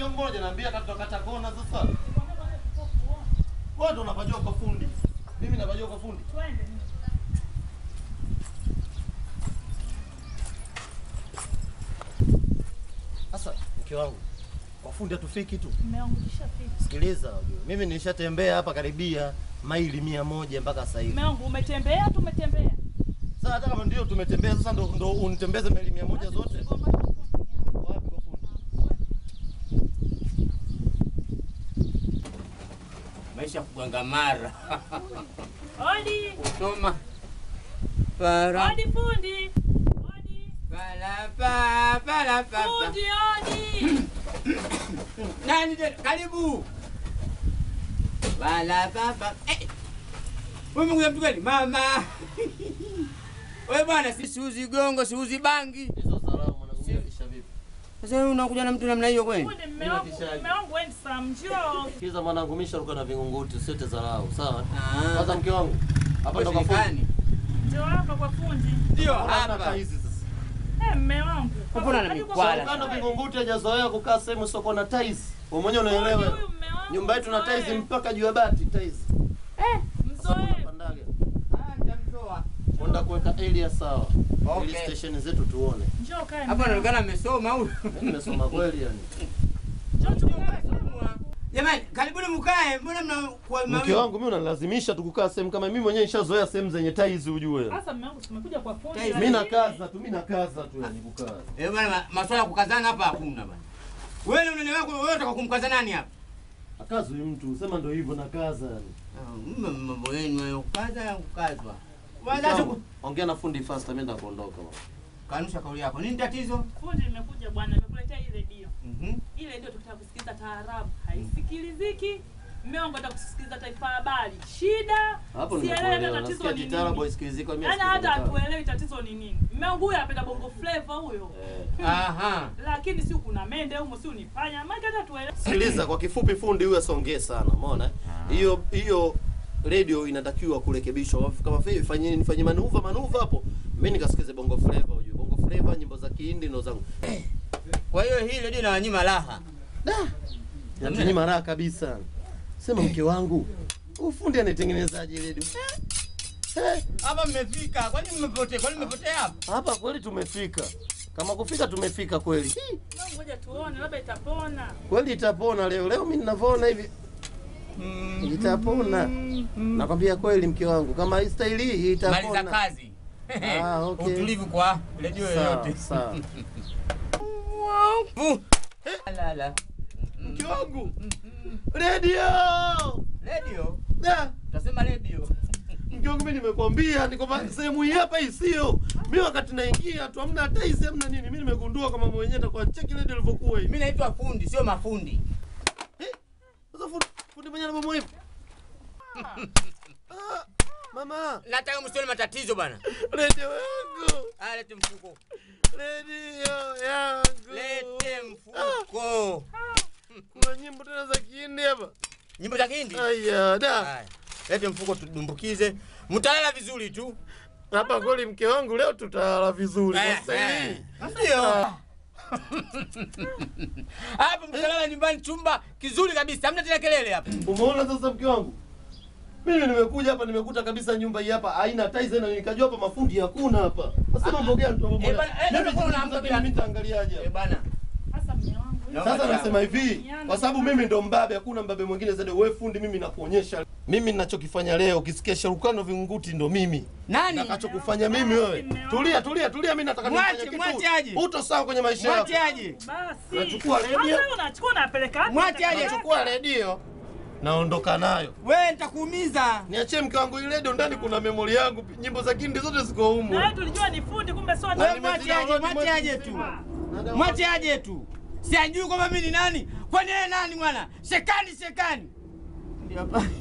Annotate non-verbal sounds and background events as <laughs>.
Niambia ngoja, naambia tutakata kona sasa. Wewe ndo unapajua kwa fundi. Mimi napajua kwa fundi. Twende. Sasa mke wangu kwa fundi hatufiki tu. Mume wangu Sikiliza wajua. Mimi nilishatembea hapa karibia maili mia moja mpaka sasa hivi. Mume wangu umetembea tumetembea. Sasa hata kama ndio tumetembea sasa ndo, ndo unitembeze maili mia moja zote. maisha mara. <laughs> Odi. Usoma. Para. Odi fundi. Odi. Para pa para pa. Fundi odi. <coughs> Nani de Karibu. Wala pa. Eh. Wewe mungu mtu gani? Mama. <laughs> Wewe bwana, si uzi gongo, si uzi bangi. Hizo sasa wewe unakuja na mtu namna hiyo kweli? Kiza mwanangu, mimi sharuka na vingunguti, usiete dharau, sawa? Ah. Sasa mke wangu hapa ndo kafundi. Ndio hapa kwa fundi. Ndio hapa. Eh, mme wangu. Mbona na mikwala? Kando vingunguti hajazoea kukaa sehemu soko na tais. Wewe mwenyewe unaelewa. Nyumba yetu na tais mpaka juu ya bati tais Eh kwenda kuweka area sawa okay. ili station zetu tuone. Hapa anaonekana amesoma huyo. Nimesoma kweli yani. Jamani, karibuni mkae. Mbona mna mke wangu mimi unalazimisha tukukaa sehemu kama mimi mwenyewe nishazoea sehemu zenye tai hizi ujue. Sasa mume wangu tumekuja kwa fundi. Mimi nakaza tu, mimi nakaza tu yani kukaa. Eh bwana, masuala ya kukazana hapa hakuna bwana. Wewe na wako wewe unataka kumkaza nani hapa? Akazwe mtu, sema ndio hivyo nakaza yani. Ah, mambo yenu kukaza kukazwa. Ongea na fundi fast, mimi ndo kuondoka. Kanusha kauli yako. Nini tatizo? Fundi, nimekuja bwana, nimekuletea hii redio. Mhm. Mm ile ndio tukitaka kusikiliza taarabu, haisikiliziki. Mmeongo ta kusikiliza taifa habari. Shida. Sielewi yaani tatizo ni nini. Taarabu isikiliziki mimi. Ana hata atuelewi tatizo ni nini. Mmeongo huyo anapenda bongo flavor huyo. Eh. Aha. Lakini si kuna mende huko, si unifanya. Maana hata tuelewe. Sikiliza kwa kifupi, fundi huyu asongee sana, umeona? Ah. Hiyo hiyo radio inatakiwa kurekebishwa. Kama vile fanyeni nifanye manuva manuva hapo, mimi nikasikize bongo flavor, ujue bongo flavor nyimbo za Kihindi ndo zangu. Kwa hiyo hii radio inawanyima raha. Da. Inanyima raha kabisa. Sema mke wangu, ufundi anatengenezaje radio? Eh? Eh? Hapa mmefika. Kwani mmepotea? Kwani mmepotea hapa? Hapa kweli tumefika. Kama kufika tumefika kweli. Ngoja tuone labda itapona. Kweli itapona leo. Leo mimi ninavyoona hivi. Mm. Itapona. Mm mm. Nakwambia kweli mke wangu, kama istahili itakona. Maliza kazi. Ah, <laughs> okay. Utulivu kwa redio yoyote. Sawa. Lala. <laughs> Mke wangu. Radio. Radio. Da. Tasema radio. <laughs> Mke wangu mimi nimekwambia niko sehemu hii hapa isiyo. Mimi wakati naingia tu hamna hata hii hamna nini. Mimi nimegundua kama mwenyewe nitakuwa cheki radio ilivyokuwa hii. Mimi naitwa fundi, sio mafundi. Eh? Sasa fundi mwenyewe anabomwa hivi. Ah, mama, nataka msione matatizo bana. Redio wangu. Ah, lete mfuko. Redio yangu. Lete mfuko. Ah, kuna nyimbo tena za Kihindi hapa. Nyimbo za Kihindi? Aya, da. Lete mfuko tudumbukize. Mtalala vizuri tu. Hapa kweli mke wangu leo tutalala vizuri eh, sasa hivi. Eh. Ndio. Hapa mtalala nyumbani chumba kizuri kabisa. Hamna tena kelele hapa. Umeona sasa mke wangu? Mimi nimekuja hapa nimekuta kabisa nyumba hii hapa haina tiles na nikajua hapa mafundi hakuna hapa. Sasa mambo ah, gani tu eh, eh Mimi kwa unaamka bila mimi nitaangaliaje? Eh bana. Sasa mume wangu. Sasa nasema hivi kwa sababu mimi ndo mbabe, hakuna mbabe mwingine zaidi wewe fundi, mimi nakuonyesha. Mimi ninachokifanya leo kisikia sharukano vinguti ndo mimi. Nani? Nakachokufanya mimi wewe. Tulia tulia tulia, mimi nataka nifanye kitu. Mwache aje. Uto sawa kwenye maisha yako. Mwache aje. Basi. Unachukua redio. Unachukua unapeleka wapi? Mwache aje. Unachukua redio naondoka nayo. Wewe nitakuumiza. Niachie mke wangu ile redio ndani kuna memori yangu. Nyimbo za Kindi zote ziko humo. Na tulijua ni fundi kumbe sio Na Mwache aje, mwache aje tu. Mwache aje tu. Si ajui kwamba mimi ni nani? Kwani yeye nani mwana? Shekani, shekani. Ndio hapa.